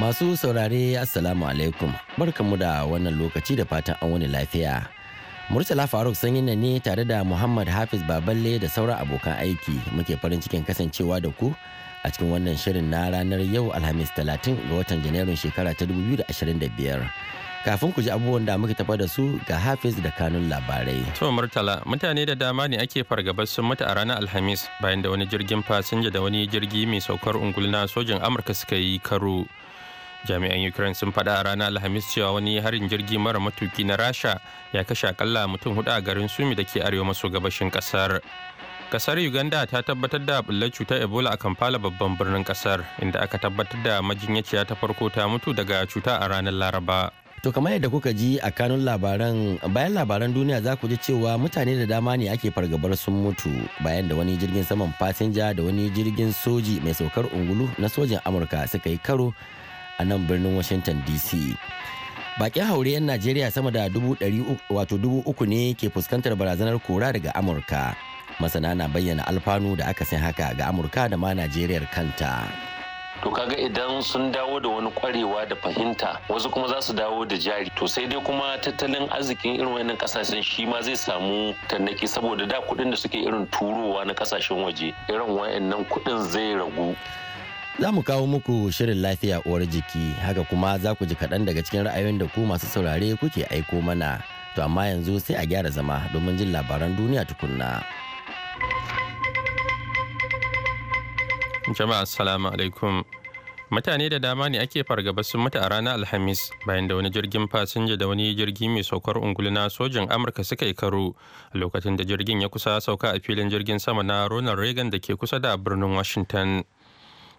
Masu saurare Assalamu alaikum mu da wannan lokaci da fatan an wani lafiya. Murtala Faruk sanyi na ne tare da Muhammad Hafiz Baballe da sauran abokan aiki muke farin cikin kasancewa da ku a cikin wannan shirin na ranar yau Alhamis 30 ga watan Janairun shekara ta 2025. Kafin ku ji abubuwan da muke tafa da su ga Hafiz da kanun labarai. To Murtala, mutane da dama ne ake fargabar sun mutu a ranar Alhamis bayan da wani jirgin fasinja da wani jirgi mai saukar ungulna sojin Amurka suka yi karo. jami'an ukraine sun faɗa a ranar alhamis cewa wani harin jirgi mara matuki na rasha ya kashe akalla mutum hudu a garin sumi da ke arewa maso gabashin kasar kasar uganda ta tabbatar da bullar cutar ebola a kampala babban birnin kasar inda aka tabbatar da majinyaciya ta farko ta mutu daga cuta a ranar laraba To kamar yadda kuka ji a kanun labaran bayan labaran duniya za ku ji cewa mutane da dama ne ake fargabar sun mutu bayan da wani jirgin saman fasinja da wani jirgin soji mai saukar ungulu na sojin Amurka suka yi karo a nan birnin washington dc bakin haure 'yan najeriya sama da dubu uku ne ke fuskantar barazanar kora daga amurka masana na bayyana alfanu da aka sin haka ga amurka da ma najeriyar kanta to kaga idan sun dawo da wani kwarewa da fahimta wasu kuma za su dawo da jari to sai dai kuma tattalin arzikin irin wannan kasashen shi ma zai samu tannaki saboda da kudin da suke irin turowa na kasashen waje irin wa'annan kudin zai ragu Za mu kawo muku shirin lafiya uwar jiki haka kuma za ku ji kaɗan daga cikin ra'ayoyin da ku masu saurare kuke aiko mana. To amma yanzu sai a gyara zama domin jin labaran duniya tukunna. Jama'a assalamu alaikum. Mutane da dama ne ake fargaba sun mutu a ranar Alhamis bayan da wani jirgin fasinja da wani jirgi mai saukar ungulu na sojin Amurka suka yi karo lokacin da jirgin ya kusa sauka a filin jirgin sama na Ronald Reagan da ke kusa da birnin Washington.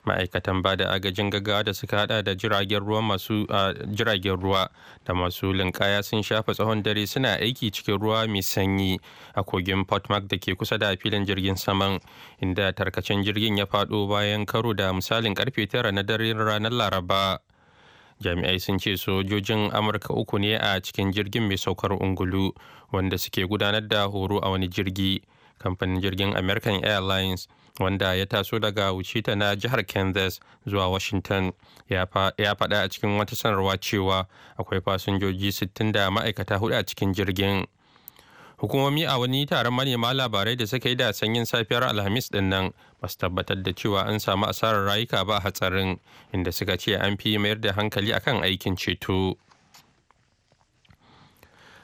ma'aikatan ba da agajin gaggawa da suka hada da jiragen ruwa masu jiragen ruwa da masu linkaya sun shafa tsawon dare suna aiki cikin ruwa mai sanyi a kogin potmark da ke kusa da filin jirgin saman inda tarkacen jirgin ya fado bayan karo da misalin karfe tara na daren ranar laraba jami'ai sun ce sojojin amurka uku ne a cikin jirgin mai saukar ungulu wanda suke gudanar da horo a wani jirgi kamfanin jirgin american airlines wanda ya taso daga Wichita na jihar Kansas zuwa Washington ya faɗa a cikin wata sanarwa cewa akwai fasinjoji 60 da ma'aikata hudu a cikin jirgin. Hukumomi a wani taron manema labarai da suka yi da sanyin safiyar Alhamis din nan ba tabbatar da cewa an samu asarar rayuka ba a hatsarin inda suka ce an fi mayar da hankali akan aikin ceto.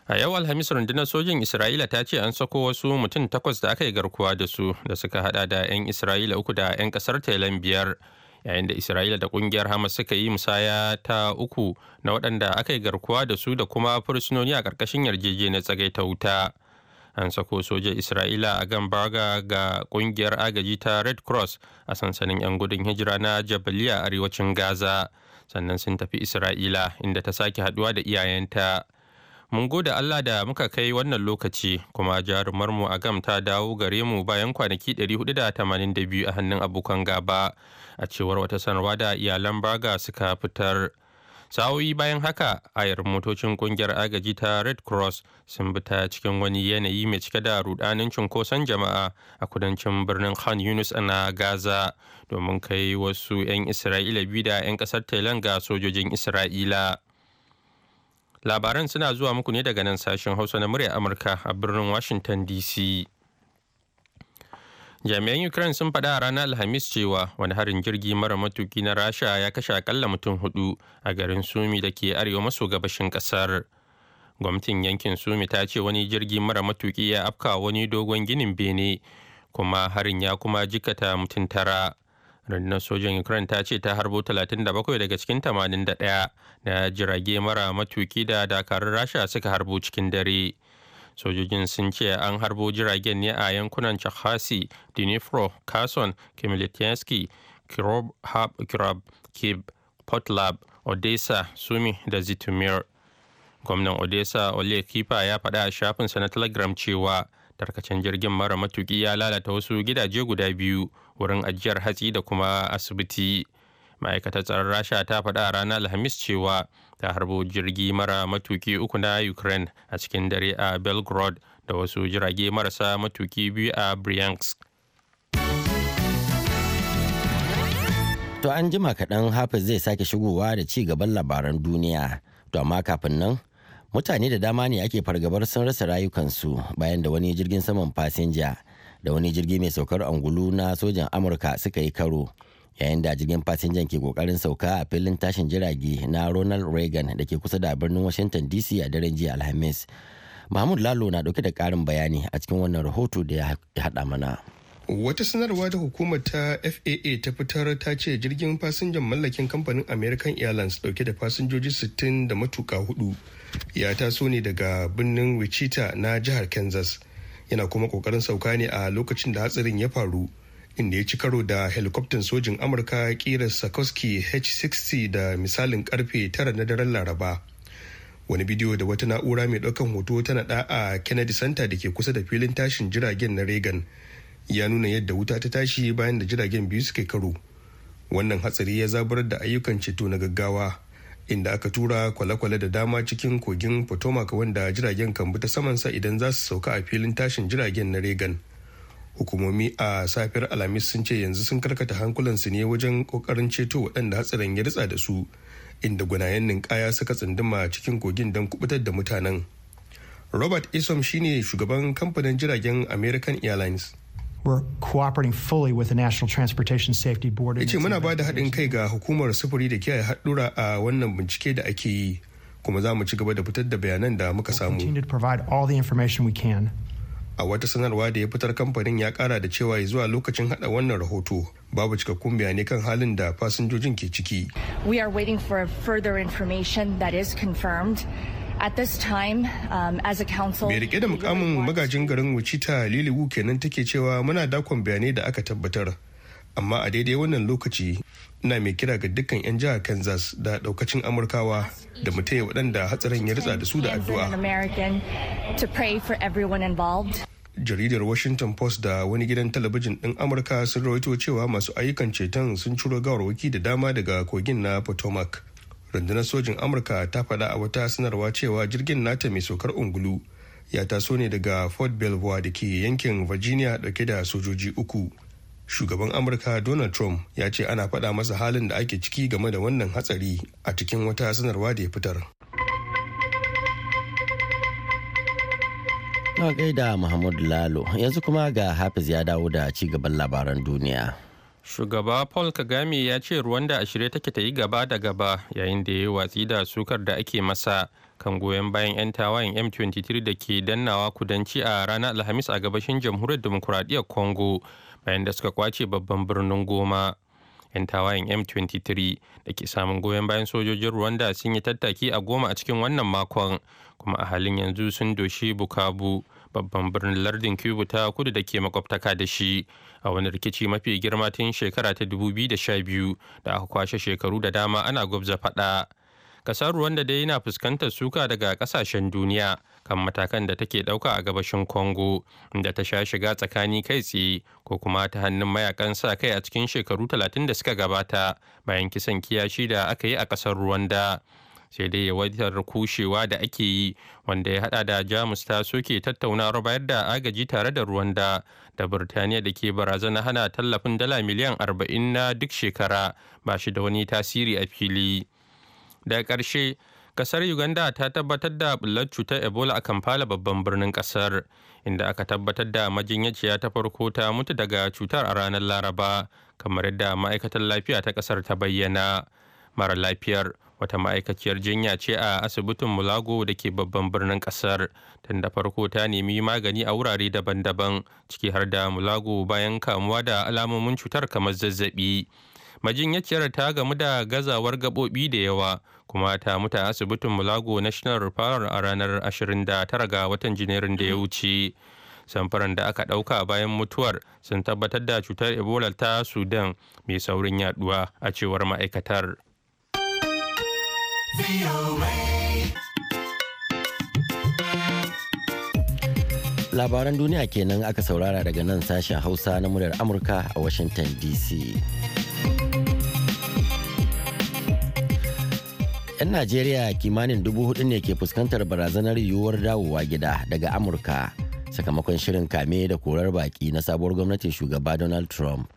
a yau alhamis rundunar sojin isra'ila ta ce an sako wasu mutum takwas da aka yi garkuwa da su da suka hada da 'yan isra'ila uku da 'yan kasar telan biyar yayin da isra'ila da kungiyar hamas suka yi musaya ta uku na waɗanda aka yi garkuwa da su da kuma fursunoni a ƙarƙashin yarjejeniyar tsagaita wuta an sako sojan isra'ila a baga ga kungiyar agaji ta red cross a sansanin 'yan gudun hijira na jabaliya arewacin gaza sannan sun tafi isra'ila inda ta sake haduwa da iyayenta Mun gode Allah da muka kai wannan lokaci kuma jarumarmu a gam ta dawo gare mu bayan kwanaki 482 a hannun abokan gaba a cewar wata sanarwa da iyalan Baga suka fitar. sa'o'i bayan haka ayar motocin kungiyar agaji ta red cross sun bi cikin wani yanayi mai cike da rudanin cunkoson jama'a a kudancin birnin khan yunus na gaza domin kai wasu 'yan isra'ila biyu da 'yan ƙasar thailand ga sojojin isra'ila labaran suna zuwa muku ne daga nan sashen hausa na murya amurka a birnin washington dc jami'an ukraine sun faɗa a ranar alhamis cewa wani harin jirgi mara matuki na rasha ya kashe akalla mutum hudu a garin sumi da ke arewa maso gabashin ƙasar. gwamnatin yankin sumi ta ce wani jirgi mara matuki ya afka wani dogon ginin bene kuma harin ya kuma jikata mutum tara rundunar sojan ukraine ta ce ta harbo 37 daga cikin 81 na jirage mara matuki da dakarun rasha suka harbo cikin dare sojojin sun ce an harbo jiragen ne a yankunan chakasi dnipro kason kimilityansky kirob kib potlab odessa sumi da zitumir gwamnan odessa ole kipa ya faɗa a shafinsa na telegram cewa tarkacen jirgin mara matuki ya lalata wasu gidaje guda biyu wurin ajiyar hatsi da kuma asibiti ma'aikatar tsaron rasha ta faɗa a ranar alhamis cewa ta harbo jirgi mara matuki uku na ukraine a cikin dare a belgrade da wasu jirage marasa matuki biyu a bryansk to an jima kaɗan hafiz zai sake shigowa da ci gaban labaran duniya to amma kafin nan mutane da dama ne ake fargabar sun rasa rayukansu bayan da wani jirgin saman fasinja da wani jirgi mai saukar angulu na sojan amurka suka yi karo yayin da jirgin fasinjan ke kokarin sauka a filin tashin jirage na ronald reagan da ke kusa da birnin washington dc a daren jiya alhamis mahmud lalo na dauke da karin bayani a cikin wannan rahoto da ya hada mana wata sanarwa da hukumar ta faa ta fitar ta ce jirgin fasinjan mallakin kamfanin american airlines dauke da fasinjoji 60 da matuka hudu ya taso ne daga birnin wichita na jihar kansas yana kuma kokarin sauka ne a lokacin da hatsarin ya faru inda ya ci karo da helikoftan sojin amurka kirar sakoski h-60 da misalin karfe 9 na daren laraba wani bidiyo da wata na'ura mai daukan hoto ta naɗa a kennedy center da ke kusa da filin tashin jiragen na reagan ya nuna yadda wuta ta tashi bayan da jiragen biyu suka karo wannan hatsari ya zabar da ayyukan ceto na gaggawa inda aka tura kwale-kwale da dama cikin kogin potomac wanda jiragen kan bi ta saman sa idan za su sauka a filin tashin jiragen na reagan hukumomi a safiyar alhamis sun ce yanzu sun karkata hankulansu ne wajen kokarin ceto waɗanda hatsarin ya ritsa da su inda gwanayen ninkaya suka tsunduma cikin kogin don kubutar da mutanen robert isom shine shugaban kamfanin jiragen american airlines We're cooperating with National Transportation muna ba da haɗin kai ga hukumar sufuri da kiyaye haɗura a wannan bincike da ake yi kuma za mu ci gaba da fitar da bayanan da muka samu. A wata sanarwa da ya fitar kamfanin ya kara da cewa zuwa lokacin hada wannan rahoto babu cikakkun bayanai kan halin da fasinjojin ke ciki. We are waiting for further information that is confirmed. Um, Me rike da mukamin magajin garin Wichita liliwu kenan take cewa muna dakon bayanai da aka tabbatar. Amma a daidai wannan lokaci ina mai kira ga dukkan 'yan jihar Kansas da daukacin Amurkawa da mutaya waɗanda hatsarin ya ritsa da su da addu'a. jaridar washington post da wani gidan talabijin ɗin amurka sun rawaito cewa masu ayyukan ceton sun ciro gawarwaki da dama daga kogin na potomac rundunar sojin amurka ta faɗa a wata sanarwa cewa jirgin nata mai saukar ungulu ya taso ne daga fort belvoir da ke yankin virginia dauke da sojoji uku shugaban amurka donald trump ya ce ana faɗa masa halin da ake ciki game da wannan hatsari a cikin wata sanarwa da ya fitar na gaida muhammadu lalo yanzu kuma ga hafiz ya dawo da ci gaban labaran duniya Shugaba Paul Kagame ya ce Rwanda a shirye take ta yi gaba da gaba yayin da ya yi watsi da sukar da ake masa kan goyon bayan 'yan tawayen M23 da ke dannawa kudanci a ranar Alhamis a gabashin jamhuriyar demokuraɗiyyar Congo bayan da suka kwace babban birnin Goma. 'Yan tawayen M23 da ke samun goyon bayan sojojin Rwanda sun yi tattaki a Goma a cikin wannan makon kuma a halin yanzu sun doshi bukabu. babban birnin lardin cuba ta kudu da ke makwabtaka da shi a wani rikici mafi girma tun shekara ta 2012 da aka kwashe shekaru da dama ana gwabza faɗa kasar ruwanda dai yana fuskantar suka daga kasashen duniya kan matakan da take ɗauka a gabashin congo inda ta sha shiga tsakani kai tsaye ko kuma ta hannun mayakan sa kai a cikin shekaru talatin da suka gabata bayan kisan kiyashi da aka yi a kasar ruwanda sai dai yawaitar kushewa da ake yi wanda ya hada da jamus ta soke tattaunawar bayar da agaji tare da ruwan da da birtaniya da ke barazana hana tallafin dala miliyan 40 na duk shekara ba shi da wani tasiri a fili da ƙarshe kasar uganda ta tabbatar da bullar cutar ebola a kampala babban birnin kasar inda aka tabbatar da majinyaciya ta farko ta mutu daga cutar a ranar laraba kamar yadda ma'aikatar lafiya ta kasar ta bayyana mara lafiyar wata ma'aikaciyar jinya ce a asibitin mulago da ke babban birnin kasar tun da farko ta nemi magani a wurare daban-daban ciki har da mulago bayan kamuwa da alamomin cutar kamar zazzabi majinyaciyar ta gamu da gazawar gaɓoɓi da yawa kuma ta muta asibitin mulago national referral a ranar 29 ga watan janairun da ya wuce samfuran da aka ɗauka bayan mutuwar sun tabbatar da cutar ebola ta sudan mai saurin yaduwa a cewar ma'aikatar labaran duniya kenan aka saurara daga nan sashen hausa na muryar amurka a washington dc yan najeriya kimanin dubu hudu ne ke fuskantar barazanar yiwuwar dawowa gida daga amurka sakamakon shirin kame da korar baki na sabuwar gwamnatin shugaba donald trump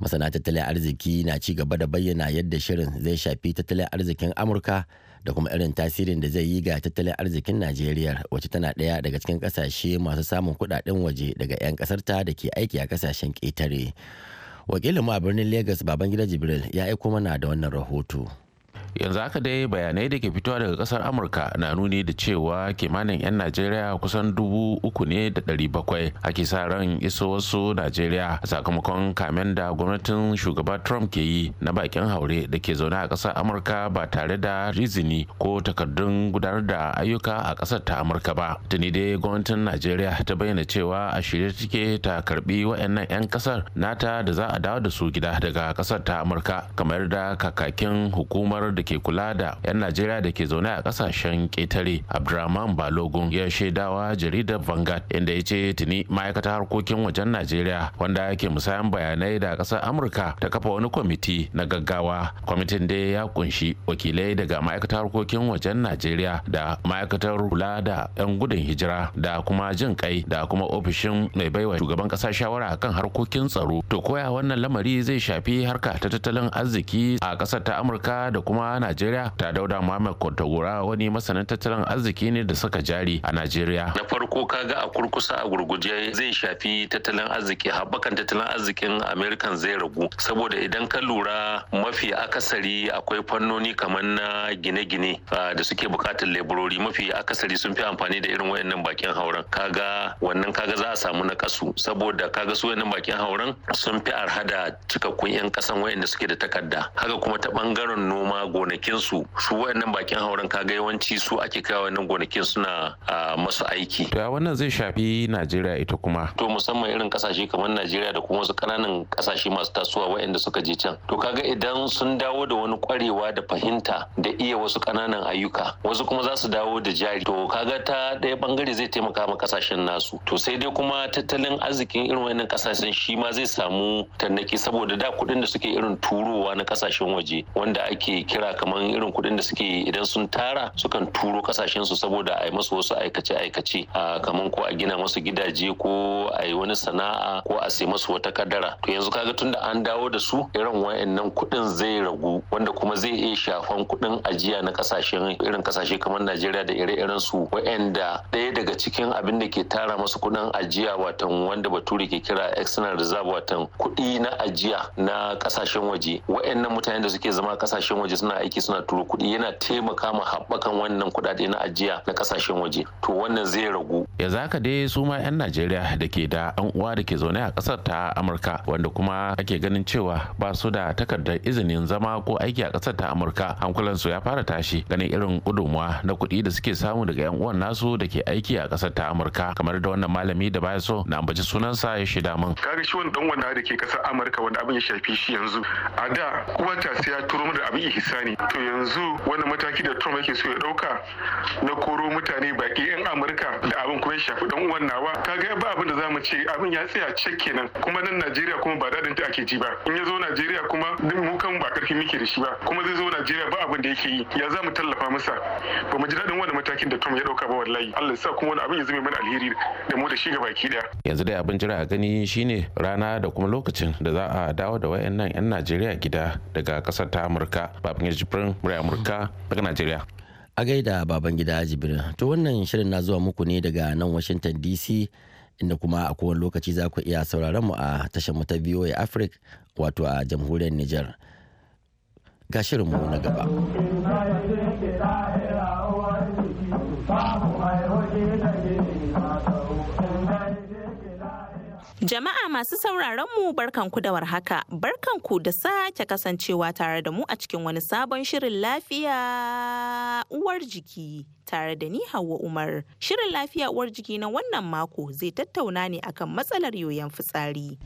masana tattalin arziki na ci gaba da bayyana yadda shirin zai shafi tattalin arzikin amurka da kuma irin tasirin da zai yi ga tattalin arzikin najeriya wacce tana ɗaya daga cikin ƙasashe masu samun kuɗaɗen waje daga 'yan ƙasarta da ke aiki a ƙasashen ƙetare wakilin mu a birnin lagos babangida jibril ya aiko mana da wannan rahoto yanzu haka dai bayanai da ke fitowa daga kasar amurka na nuni da cewa kimanin 'yan najeriya kusan dubu uku ne da ɗari bakwai ake sa ran iso wasu najeriya sakamakon kamen da gwamnatin shugaba trump ke yi na bakin haure da ke zaune a kasar amurka ba tare da rizini ko takardun gudanar da ayyuka a kasar ta amurka ba tuni dai gwamnatin najeriya ta bayyana cewa a shirye take ta karbi wa'annan 'yan kasar nata da za a dawo da su gida daga kasar ta amurka kamar da kakakin hukumar da ke kula da 'yan najeriya da ke zaune a kasashen ketare Abdurahman balogun ya shaidawa jaridar Vangard, inda ya ce tuni ma'aikatar harkokin wajen najeriya wanda yake musayan bayanai da kasar amurka ta kafa wani kwamiti na gaggawa kwamitin da ya kunshi wakilai daga ma'aikatar harkokin wajen najeriya da ma'aikatar kula da 'yan gudun hijira da kuma jin kai da kuma ofishin mai baiwa shugaban ƙasar shawara kan harkokin tsaro to koya wannan lamari zai shafi harka ta tattalin arziki a kasar ta amurka da kuma a Najeriya ta dauda Muhammad Kontagora wani masanin tattalin arziki ne da suka jari a Najeriya. Na farko kaga a kurkusa a gurguje zai shafi tattalin arziki haɓakan tattalin arzikin American zai ragu saboda idan ka lura mafi akasari akwai fannoni kamar na gine-gine da suke bukatar leburori mafi akasari sun fi amfani da irin wayannan bakin hauren kaga wannan kaga za a samu na kasu saboda kaga su wayannan bakin hauren sun fi arha da cikakkun 'yan kasan wayanda suke da takarda haka kuma ta bangaren noma gonakin su wayannan bakin hauren kaga yawanci su ake kawo wannan gonakin suna masu aiki to wannan zai shafi najeriya ita kuma to musamman irin kasashe kamar najeriya da kuma wasu kananan kasashe masu tasowa wayanda suka je can to kaga idan sun dawo da wani kwarewa da fahimta da iya wasu kananan ayyuka wasu kuma za su dawo da jari to kaga ta ɗaya bangare zai taimaka ma kasashen nasu to sai dai kuma tattalin arzikin irin wayannan kasashen shi ma zai samu tannaki saboda da kuɗin da suke irin turowa na kasashen waje wanda ake kira tara kamar irin kuɗin da suke idan sun tara sukan turo kasashen su saboda a yi masu wasu aikace aikace a kamar ko a gina masu gidaje ko a yi wani sana'a ko a sai masu wata kadara to yanzu kaga tunda an dawo da su irin wayannan kuɗin zai ragu wanda kuma zai iya shafan kuɗin ajiya na kasashen irin kasashe kamar Najeriya da ire-iren su wayanda ɗaya daga cikin abin da ke tara masu kuɗin ajiya watan wanda bature ke kira external reserve watan kuɗi na ajiya na kasashen waje wayannan mutanen da suke zama kasashen waje suna aiki suna turo kuɗi yana taimaka ma haɓakan wannan kuɗaɗe na ajiya na ƙasashen waje to wannan zai ragu ya zaka dai su ma 'yan najeriya da ke da an uwa da ke zaune a kasar ta amurka wanda kuma ake ganin cewa ba su da takardar izinin zama ko aiki a kasar ta amurka hankulansu ya fara tashi ganin irin gudunmuwa na kuɗi da suke samu daga 'yan uwan nasu da ke aiki a kasar ta amurka kamar da wannan malami da baya so na ambaci sunansa ya shida min kaga shi wani dan wanda da ke kasar amurka wanda abin ya shafi shi yanzu a da kuwata sai ya turo da abin ihsani to yanzu wani mataki da trump yake so ya dauka na koro mutane baki 'yan amurka da abin kuma ya shafi dan uwan nawa kaga ba abin da zamu ce abin ya tsaya cek kenan kuma nan Najeriya kuma ba dadin ta ake ji ba in ya zo Najeriya kuma mu kan ba karfi muke da shi ba kuma zai zo Najeriya ba abin da yake yi ya zamu tallafa masa ba mu ji dadin wannan matakin da Tom ya dauka ba wallahi Allah ya sa kuma wani abin ya zama mana alheri da mu da shi gaba ki daya yanzu dai abin jira a gani shine rana da kuma lokacin da za a dawo da wayannan yan Najeriya gida daga kasar ta Amurka babin jibrin murai Amurka daga Najeriya a gaida baban gida jibirin to wannan shirin na zuwa muku ne daga nan washington dc inda kuma a kowane lokaci za ku iya sauraron mu a tashar mu ta voa africa wato a jamhuriyar niger ga mu na gaba Jama'a masu sauraron mu barkanku da warhaka, barkanku da sake kasancewa tare da mu a cikin wani sabon shirin lafiya uwar jiki tare da ni Hauwa Umar. Shirin lafiya uwar jiki na wannan mako zai tattauna ne akan matsalar yoyon fitsari.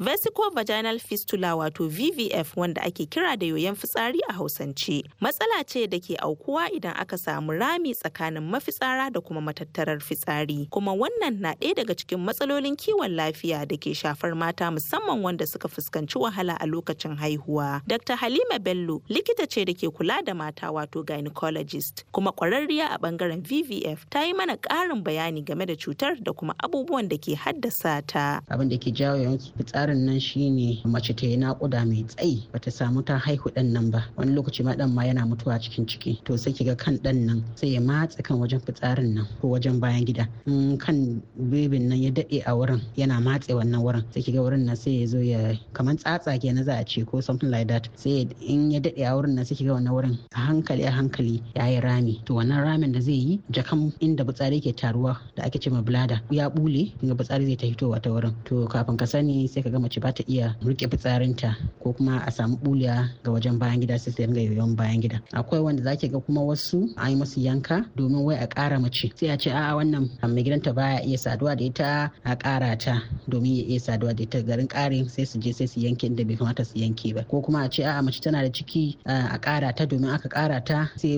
Vesico vaginal fistula wato VVF wanda ake kira da yoyon fitsari a Hausance. Matsala ce da ke aukuwa idan aka samu rami tsakanin mafitsara da kuma matattarar fitsari. Kuma wannan na ɗaya daga cikin matsalolin kiwon lafiya da ke shafar mata musamman wanda suka fuskanci wahala a lokacin haihuwa. Dr. Halima Bello likita ce da ke kula da mata wato gynecologist kuma ƙwararriya a bangaren VVF ta yi mana ƙarin bayani game da cutar da kuma abubuwan da ke haddasa ta. Abin da ke jawo yawan fitsari tsarin nan shine mace ta yi naƙuda mai tsayi bata samu ta haihu ɗan nan ba wani lokaci ma ɗan ma yana mutuwa cikin ciki to sai kiga kan ɗan nan sai ya matse kan wajen fitsarin nan ko wajen bayan gida in kan bebin nan ya dade a wurin yana matse wannan wurin sai kiga wurin nan sai ya zo ya kamar tsatsa ke na za a ce ko something like that sai in ya dade a wurin nan sai kiga wannan wurin a hankali a hankali ya yi rami to wannan ramin da zai yi jakan inda fitsari ke taruwa da ake ce ma blada ya bule kinga fitsari zai ta fitowa ta wurin to kafin ka sani sai ka ga mace ba ta iya rike fitsarinta ko kuma a samu buliya ga wajen bayan gida sai ta dinga yoyon bayan gida akwai wanda zake ga kuma wasu an yi musu yanka domin wai a ƙara mace sai a ce a'a wannan mai gidanta baya iya saduwa da ita a ƙara ta domin ya iya saduwa da ita garin ƙarin sai su je sai su yanke inda bai kamata su yanke ba ko kuma a ce a'a mace tana da ciki a ƙara ta domin aka ƙara ta sai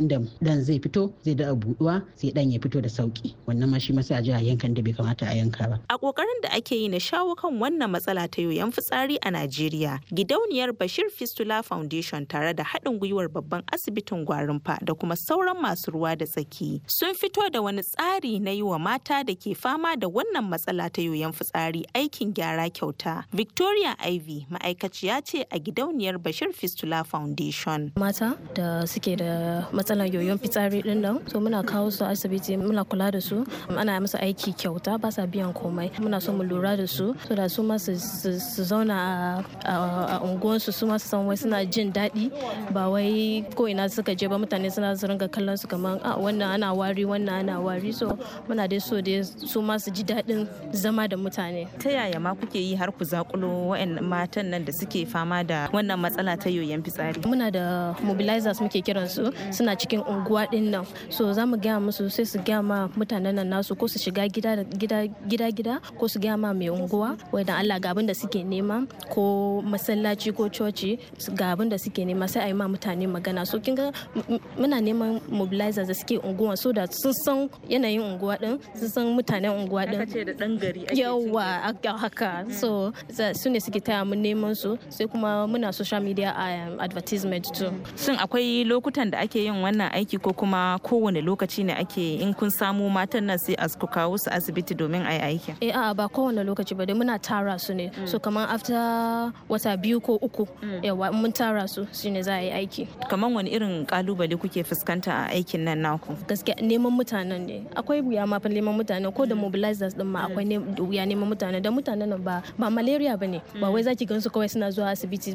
inda dan zai fito zai da buɗuwa sai dan ya fito da sauki wannan ma shi ma sai a je a yankan da bai kamata a yanka ba a kokarin da ake yi na shawo kan wannan wannan matsala ta yoyon fitsari a Najeriya. Gidauniyar Bashir Fistula Foundation tare da haɗin gwiwar babban asibitin Gwarinfa da kuma sauran masu ruwa da tsaki sun fito da wani tsari na yi wa mata da ke fama da wannan matsala ta yoyon fitsari aikin gyara kyauta. Victoria IV ma'aikaciya ce a gidauniyar Bashir Fistula Foundation. Mata da suke da matsalar yoyon fitsari din nan, so muna kawo su asibiti muna kula da su, ana musu aiki kyauta ba sa biyan komai. Muna so mu lura da su, so da su ma su zauna a unguwansu su ma su san wai suna jin daɗi ba wai ko ina suka je ba mutane suna su ringa kallon su kamar a ah, wannan ana wari wannan ana wari so muna dai so dai su ma su ji daɗin zama da mutane. Ta yaya ma kuke yi har ku zakulo wa'annan matan nan da suke fama da wannan matsala ta yoyon fitsari? Muna da mobilizers muke kiran su suna cikin unguwa din nan so za mu gaya musu sai su gaya ma mutanen nan nasu ko su shiga gida gida gida ko su gaya ma mai unguwa wai dan Allah ga abin da suke nema ko masallaci ko coci ga abin da suke nema sai a yi ma mutane magana so kinga muna neman mobilizers da suke unguwa so da sun san yanayin unguwa din sun san mutanen unguwa din ce da dan gari yawa haka so su ne suke taya mu neman su sai kuma muna social media um, advertisement too shin akwai lokutan da ake yin wannan aiki ko kuma kowane lokaci ne ake in kun samu matan nan sai a kawo su asibiti domin a yi aikin eh a ba kowane lokaci ba dai muna tara tara su ne so mm. kamar after wata biyu ko uku mm. yawa mun tara su shine za a yi aiki kamar wani irin kalubale kuke fuskanta a aikin nan naku gaskiya neman mutanen ne akwai wuya ma neman mutanen ko da mm. mobilizers din ma akwai wuya neman mutanen da mutanen nan ba ba malaria bane ba wai zaki gansu kawai suna zuwa asibiti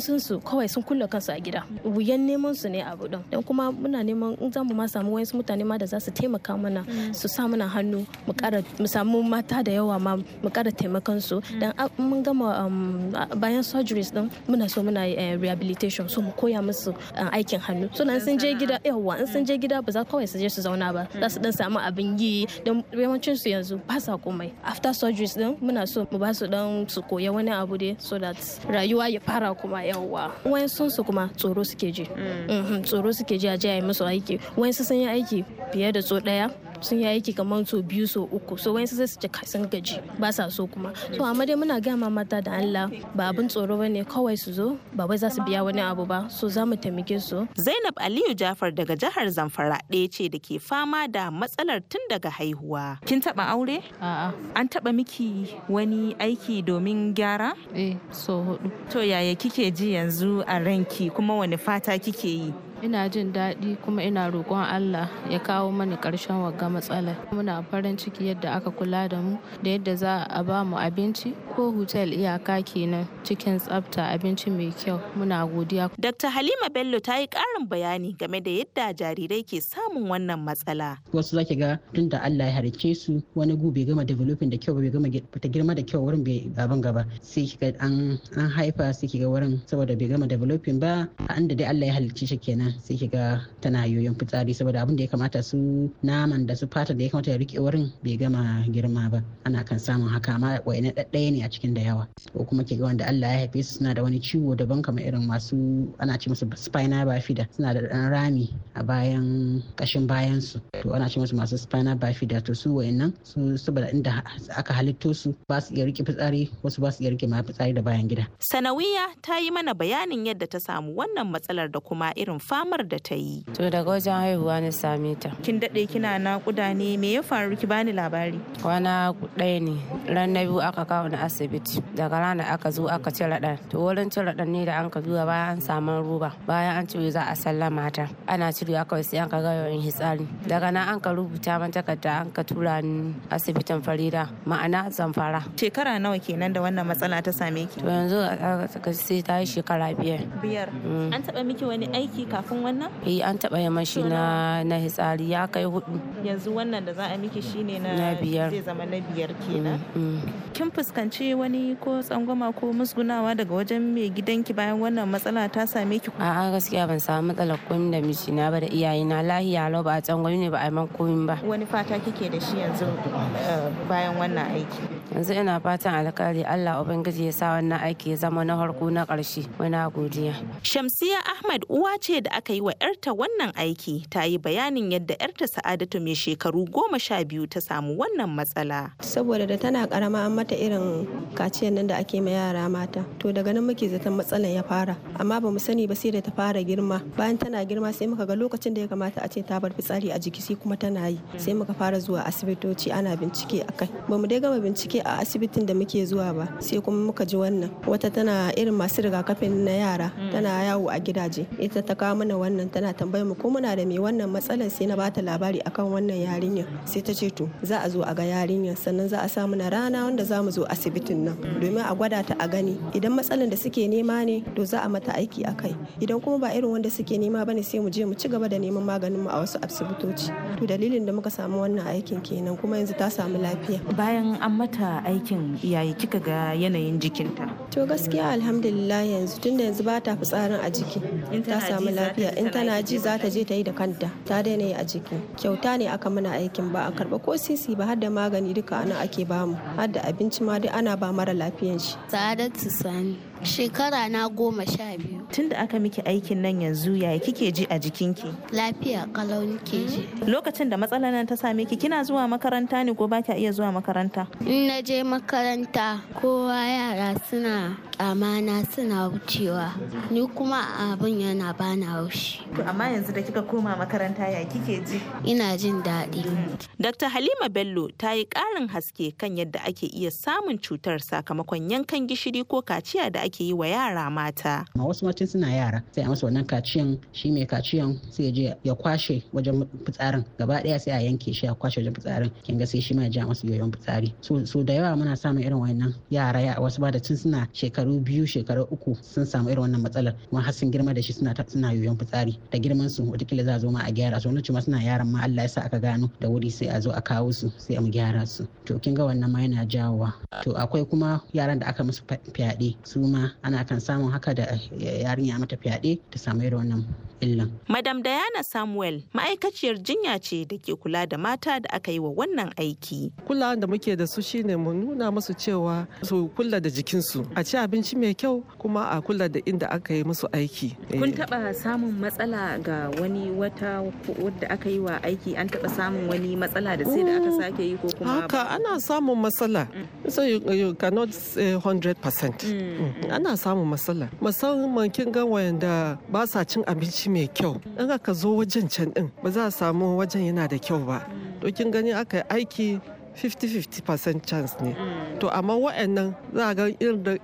sun su kawai sun kulle kansu a gida wuyan neman su ne abu don dan kuma muna neman in zamu ma samu wayan mutane ma da za su taimaka mana su sa mana hannu mu kara mu samu mata da yawa ma mu kara taimakon kansu mm. dan ah, mun gama um, bayan surgeries din muna so muna eh, rehabilitation so mu koya musu eh, aikin hannu so nan sun je gida yawa in sun je gida ba za kawai su je su zauna ba mm. za su dan samu abin yi dan yawancin su yanzu ba sa komai after surgeries din muna so mu ba su dan su koya wani abu dai so that rayuwa ya fara kuma yawa sun su kuma tsoro suke ji mm. mm-hmm, tsoro suke ji a je a yi musu aiki wayansu sun yi aiki fiye da tso daya sun yi aiki kamar so biyu so uku so wayansu sai su ci sun gaji ba sa so kuma to amma dai muna gaya mata da Allah ba abin tsoro ba ne kawai su zo ba wai za su biya wani abu ba so za mu taimake su Zainab Aliyu Jafar daga jihar Zamfara ɗaya ce da ke fama da matsalar tun daga haihuwa kin taba aure a'a an taba miki wani aiki domin gyara eh so hudu to yaya kike ji yanzu a ranki kuma wani fata kike yi Ina jin daɗi kuma ina roƙon Allah ya kawo mani ƙarshen wagga matsala. Muna farin ciki yadda aka kula da mu da yadda za a ba mu abinci ko hotel iyaka kenan cikin tsafta abinci mai kyau. Muna godiya. Dr. Halima Bello ta yi ƙarin bayani game da yadda jarirai ke samun wannan matsala. Wasu zaki ga tun da Allah ya halicce su wani gu bai gama developing da kyau ba bai gama ta girma da kyau wurin bai gaban gaba sai kika an haifa sai kika wurin saboda bai gama developing ba an da dai Allah ya halicce shi kenan sai ki ga tana yoyon fitsari saboda abin da ya kamata su naman da su fata da ya kamata ya rike wurin bai gama girma ba ana kan samun haka amma na ɗaɗɗaya ne a cikin da yawa ko kuma ki ga wanda Allah ya haife su suna da wani ciwo daban kamar irin masu ana ce musu spina bifida suna da ɗan rami a bayan ƙashin bayan su to ana ce musu masu spina bifida to su wayannan su saboda inda aka halitto su ba su iya rike fitsari wasu ba su iya rike ma fitsari da bayan gida sanawiya ta yi mana bayanin yadda ta samu wannan matsalar da kuma irin fa famar da ta yi. To daga wajen haihuwa na same ta. Kin daɗe kina naƙuda ne me ya faru ki bani labari? Kwana ɗaya ne ran na biyu aka kawo na asibiti daga rana aka zo aka cire ɗan. To wurin cire ɗan ne da an ka zuwa bayan an samu roba bayan an ciwo za a sallama ta. Ana cire aka sai an ka ga yin hitsari. Daga nan an ka rubuta man takarda an ka tura ni asibitin Farida ma'ana Zamfara. Shekara nawa kenan da wannan matsala ta same ki? To yanzu sai ta yi shekara biyar. Biyar. Mm. An taɓa miki wani aiki kafin kafin wannan? Eh an taɓa yi mashi na na hitsari ya kai hudu. Yanzu wannan da za a miki shine na biyar. Zai zama na biyar mm, kenan. Mm. Kin fuskanci wani ko tsangwama ko musgunawa daga wajen mai gidanki bayan wannan matsala ta same ki? A'a gaskiya ban samu matsalar komai da mijina ba da iyaye na lahiya lau ba a tsangwami ne ba a yi man komai ba. Wani fata kike da shi yanzu eh, bayan wannan aiki? Yanzu ina fatan alkali Allah Ubangiji ya sa wannan aiki ya zama na harko na ƙarshe. wani godiya. Shamsiya Ahmad uwa ce da aka yi wa 'yarta wannan aiki ta yi bayanin yadda 'yarta sa'adatu mai shekaru goma sha biyu ta samu wannan matsala. Saboda da tana karama an mata irin kaciyar nan da ake ma yara mata. To daga nan muke zaton matsalan ya fara. Amma ba mu sani ba sai da ta fara girma. Bayan tana girma sai muka ga lokacin da ya kamata a ce ta bar fitsari a jiki sai kuma tana yi. Sai muka fara zuwa asibitoci ana bincike a kai. Ba mu dai gama bincike a asibitin da muke zuwa ba. Sai kuma muka ji wannan. Wata tana irin masu rigakafin na yara. Tana yawo a gidaje. Ita ta kawo mana wannan tana tambayar mu ko muna da me wannan matsalar sai na bata labari akan wannan yarinyar sai ta ce to za a zo a ga yarinyar sannan za a sa mana rana wanda za mu zo asibitin nan domin a gwada ta a gani idan matsalar da suke nema ne to za a mata aiki a kai idan kuma ba irin wanda suke nema bane sai mu je mu ci gaba da neman maganin mu a wasu asibitoci to dalilin da muka samu wannan aikin kenan kuma yanzu ta samu lafiya bayan an mata aikin iyaye kika ga yanayin jikinta to gaskiya alhamdulillah yanzu tunda yanzu ba ta fitsarin a jiki ta samu lafiya lafiya in tana ji za ta je ta yi da kanta ta daina yi a jiki kyauta ne aka mana aikin ba a karba ko sisi ba har da magani duka ana ake bamu har da abinci ma duk ana ba mara lafiyan shi sa'adatu sani Shekara na goma sha biyu. Tun da aka miki aikin nan yanzu yaya kike ji a jikinki? Lafiya kalau nike hmm? ji. Lokacin da matsala nan ta same ki kina zuwa makaranta ne ko ba kya iya zuwa makaranta? In na je makaranta kowa yara suna amana suna wucewa ni kuma abin yana bana haushi. Amma yanzu da kika koma makaranta ya kike ji? Ina jin daɗi. Hmm. Dr. Halima Bello ta yi ƙarin haske kan yadda ake iya samun cutar sakamakon yankan gishiri ko kaciya da ake yi wa yara mata. Ma wasu matan suna yara sai a masa wannan kaciyan shi mai kaciyan sai ya je ya kwashe wajen fitsarin gaba daya sai a yanke shi a kwashe wajen fitsarin kin ga sai shi ma ya ja masa yoyon fitsari. So so da yawa muna samun irin wannan yara wasu ba da tun suna shekaru biyu shekaru uku sun samu irin wannan matsalar kuma har sun girma da shi suna suna yoyon fitsari da girman su wataƙila za a zo ma a gyara su wani ma suna yaran ma Allah ya sa aka gano da wuri sai a zo a kawo su sai a mu gyara su to kin ga wannan ma yana jawowa to akwai kuma yaran da aka musu fyaɗe su ma ma ana kan samun haka da yarinya mata fyaɗe ta samu irin wannan illan. Madam Diana Samuel ma'aikaciyar jinya ce da ke kula da mata da aka yi wa wannan aiki. Kulawa da muke da su shine mu nuna musu cewa su kula da jikinsu a ci abinci mai kyau kuma a kula da inda aka yi musu aiki. Kun eh. taba samun matsala ga wani wata wadda aka yi wa aiki an taba samun wani matsala da sai da aka mm. sake yi ko kuma haka ana samun matsala mm. so you, you cannot say 100% mm. ana samun matsala musamman kin ga wayanda ba sa cin abinci abinci mai kyau in aka zo wajen can din ba za a samu wajen yana da kyau ba dokin ganin gani aka aiki 50-50% chance ne mm. to amma wa'annan za ga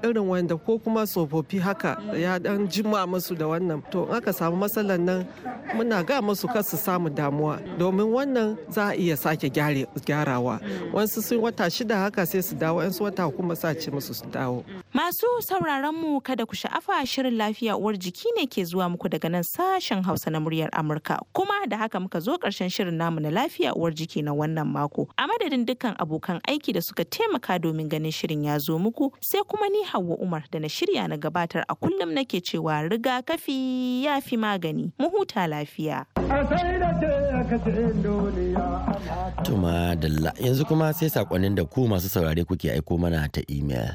irin wanda ko kuma tsofaffi haka mm. ya dan jima masu da wannan to in aka samu matsalar nan muna ga masu kasu samu damuwa domin wannan za a iya sake gyarawa mm. wasu sun wata shida haka sai su dawo yansu wata kuma sa ce musu su dawo masu sauraron mu kada ku sha'afa shirin lafiya uwar jiki ne ke zuwa muku daga nan sashen hausa na muryar amurka kuma da haka muka zo karshen shirin namu na lafiya uwar jiki na wannan mako a madadin duk dukkan abokan aiki da suka taimaka domin ganin shirin ya zo muku sai kuma ni hawa Umar da na shirya na gabatar a kullum nake cewa rigakafi ya fi magani mu huta lafiya. Tuma Dalla yanzu kuma sai sakonnin da ku masu saurare kuke aiko mana ta imel.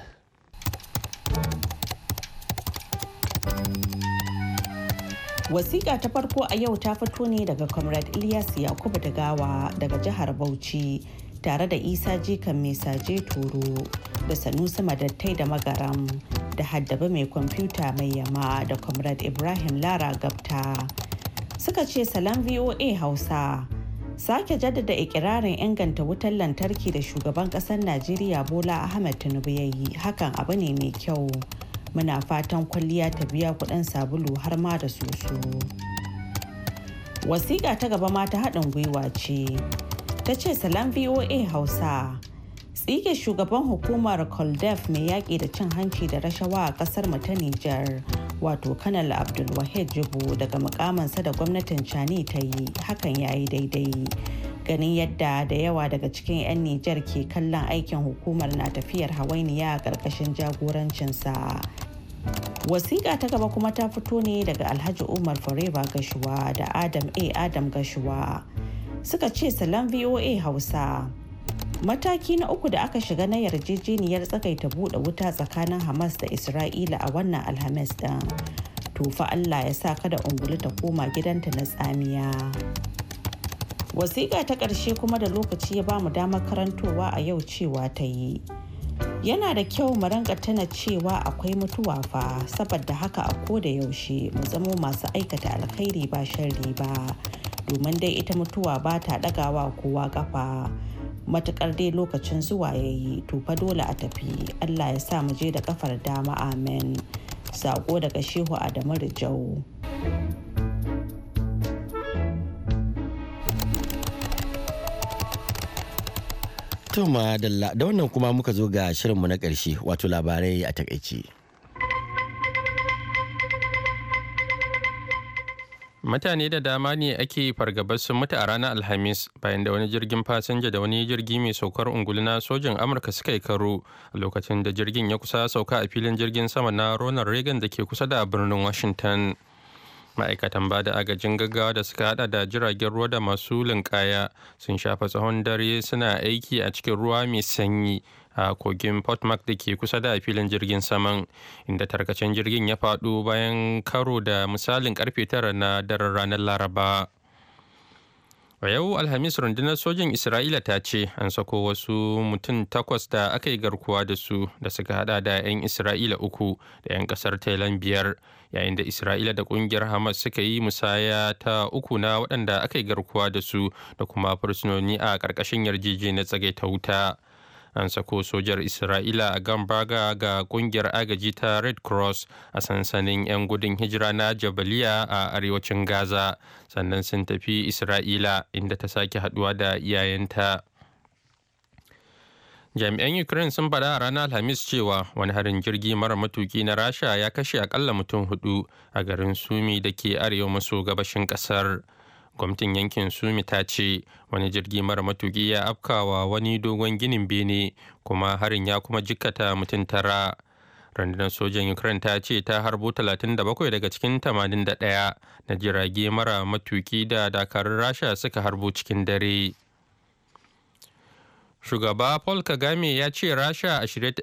Wasiƙa ta farko a yau ta fito ne daga Comrade Ilyas Yakubu Dagawa daga jihar Bauchi. tare da isa jikan mai saje toro da sanusi madattai da magaram da haddaba mai kwamfuta mai yama da comrade ibrahim lara gabta suka ce salam voa hausa sake jaddada ikirarin inganta wutar lantarki da shugaban kasar najeriya bola ahmed tinubu ya yi hakan abu ne mai kyau muna fatan kwalliya ta biya kudin sabulu har ma da soso wasiƙa ta gaba ma ta haɗin gwiwa ce ta ce salam VOA Hausa. Tsige shugaban hukumar Koldef mai yaƙi da cin hanci da rashawa a ƙasar mu ta Nijar, wato Kanal Abdulwahid Jibo daga mukamansa da gwamnatin Chani ta yi, hakan ya yi daidai. Ganin yadda da yawa daga cikin 'yan Nijar ke kallon aikin hukumar na tafiyar hawainiya a ƙarƙashin jagorancinsa. wasiƙa ta gaba kuma ta fito ne daga alhaji umar fareba gashuwa da adam a adam gashuwa suka ce Salon VOA Hausa. Mataki na uku da aka shiga na yarjejeniyar tsakaita buɗe wuta tsakanin Hamas da Isra'ila a wannan Alhamis ɗin. Tufa Allah ya sa kada ungulu ta koma gidanta na tsamiya. Wasiƙa ta ƙarshe kuma da lokaci ya bamu damar karantowa a yau cewa ta yi. yana da kyau mu rinka tana cewa akwai mutuwa fa saboda haka a koda yaushe mu zamo masu aikata alkhairi ba sharri ba domin dai ita mutuwa ba ta ɗagawa kowa kafa matukar dai lokacin zuwa ya yi tufa dole a tafi allah ya sa mu je da kafar dama amen sako daga shehu adamu rijau To madalla da wannan kuma muka zo ga shirinmu na ƙarshe wato labarai a takaici. Mutane da dama ne ake fargabar sun mutu a ranar Alhamis bayan da wani jirgin fasinja da wani jirgi mai saukar ungulu na sojin Amurka suka yi karo a lokacin da jirgin ya kusa sauka a filin jirgin sama na Ronald Reagan da ke kusa da birnin Washington. Ma'aikatan ba da agajin gaggawa da suka hada da jiragen ruwa da masu linkaya sun shafa tsawon dare suna aiki a cikin ruwa mai sanyi a kogin potmark da ke kusa da filin jirgin saman inda tarkacen jirgin ya faɗo bayan karo da misalin karfe tara na daren ranar laraba a yau alhamis rundunar sojin isra'ila ta ce an sako wasu mutum takwas da aka yi garkuwa da su da suka hada da 'yan isra'ila uku da 'yan kasar tailan biyar yayin da isra'ila da kungiyar hamas suka yi musaya ta uku na waɗanda aka yi garkuwa da su da kuma fursunoni a ƙarƙashin yarjejeniyar tsagaita wuta an sako sojar isra'ila a gambaga ga kungiyar agaji ta red cross a sansanin 'yan gudun hijira na jabaliya a arewacin gaza sannan sun tafi isra'ila inda ta sake haduwa da iyayenta jami'an ukraine sun faɗa a ranar alhamis cewa wani harin jirgi mara matuki na rasha ya kashe akalla mutum hudu a garin sumi da ke arewa maso gabashin ƙasar. kasar Kwamitin yankin Sumi ta ce wani jirgi mara matuki ya afkawa wani dogon ginin bene kuma harin ya kuma jikkata mutum tara. Rundunar sojan Ukraine ta ce ta harbo 37 daga cikin 81 na jirage mara matuki da dakarun Rasha suka harbo cikin dare. Shugaba Paul Kagame ya ce Rasha a shirye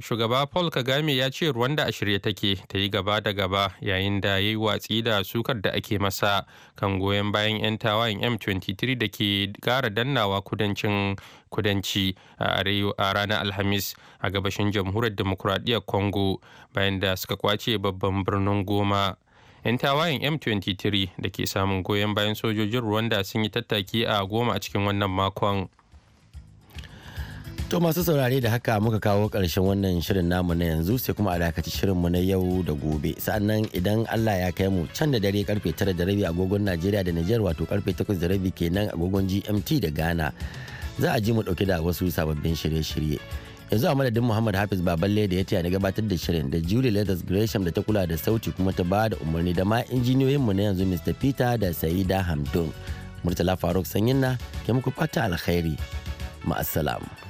Shugaba Paul Kagame ya ce Rwanda a shirye take ta yi gaba da gaba yayin da ya yi watsi da sukar da ake masa kan goyon bayan 'yan tawayen M23 da ke gara dannawa kudancin kudanci a ranar Alhamis a gabashin jamhuriyar demokuraɗiyyar Congo bayan da suka kwace babban birnin Goma. 'yan tawayen m23 da ke samun goyon bayan sojojin rwanda sun yi tattaki a goma a cikin wannan makon To masu saurare da haka muka kawo ƙarshen wannan shirin namu na yanzu sai kuma a dakaci mu na yau da gobe. Sa'annan idan Allah ya kai mu can da dare karfe tara da rabi agogon Najeriya da Nijar wato karfe takwas da rabi kenan agogon GMT da Ghana. Za a ji mu ɗauke da wasu sababbin shirye-shirye. Yanzu a madadin Muhammad Hafiz Baballe da ya taya na gabatar da shirin da Julie Leathers Gresham da ta kula da sauti kuma ta ba da umarni da ma injiniyoyinmu na yanzu Mr. Peter da Saida Hamdun. Murtala Faruk Sanyin na ke muku fata alkhairi. Ma'assalam.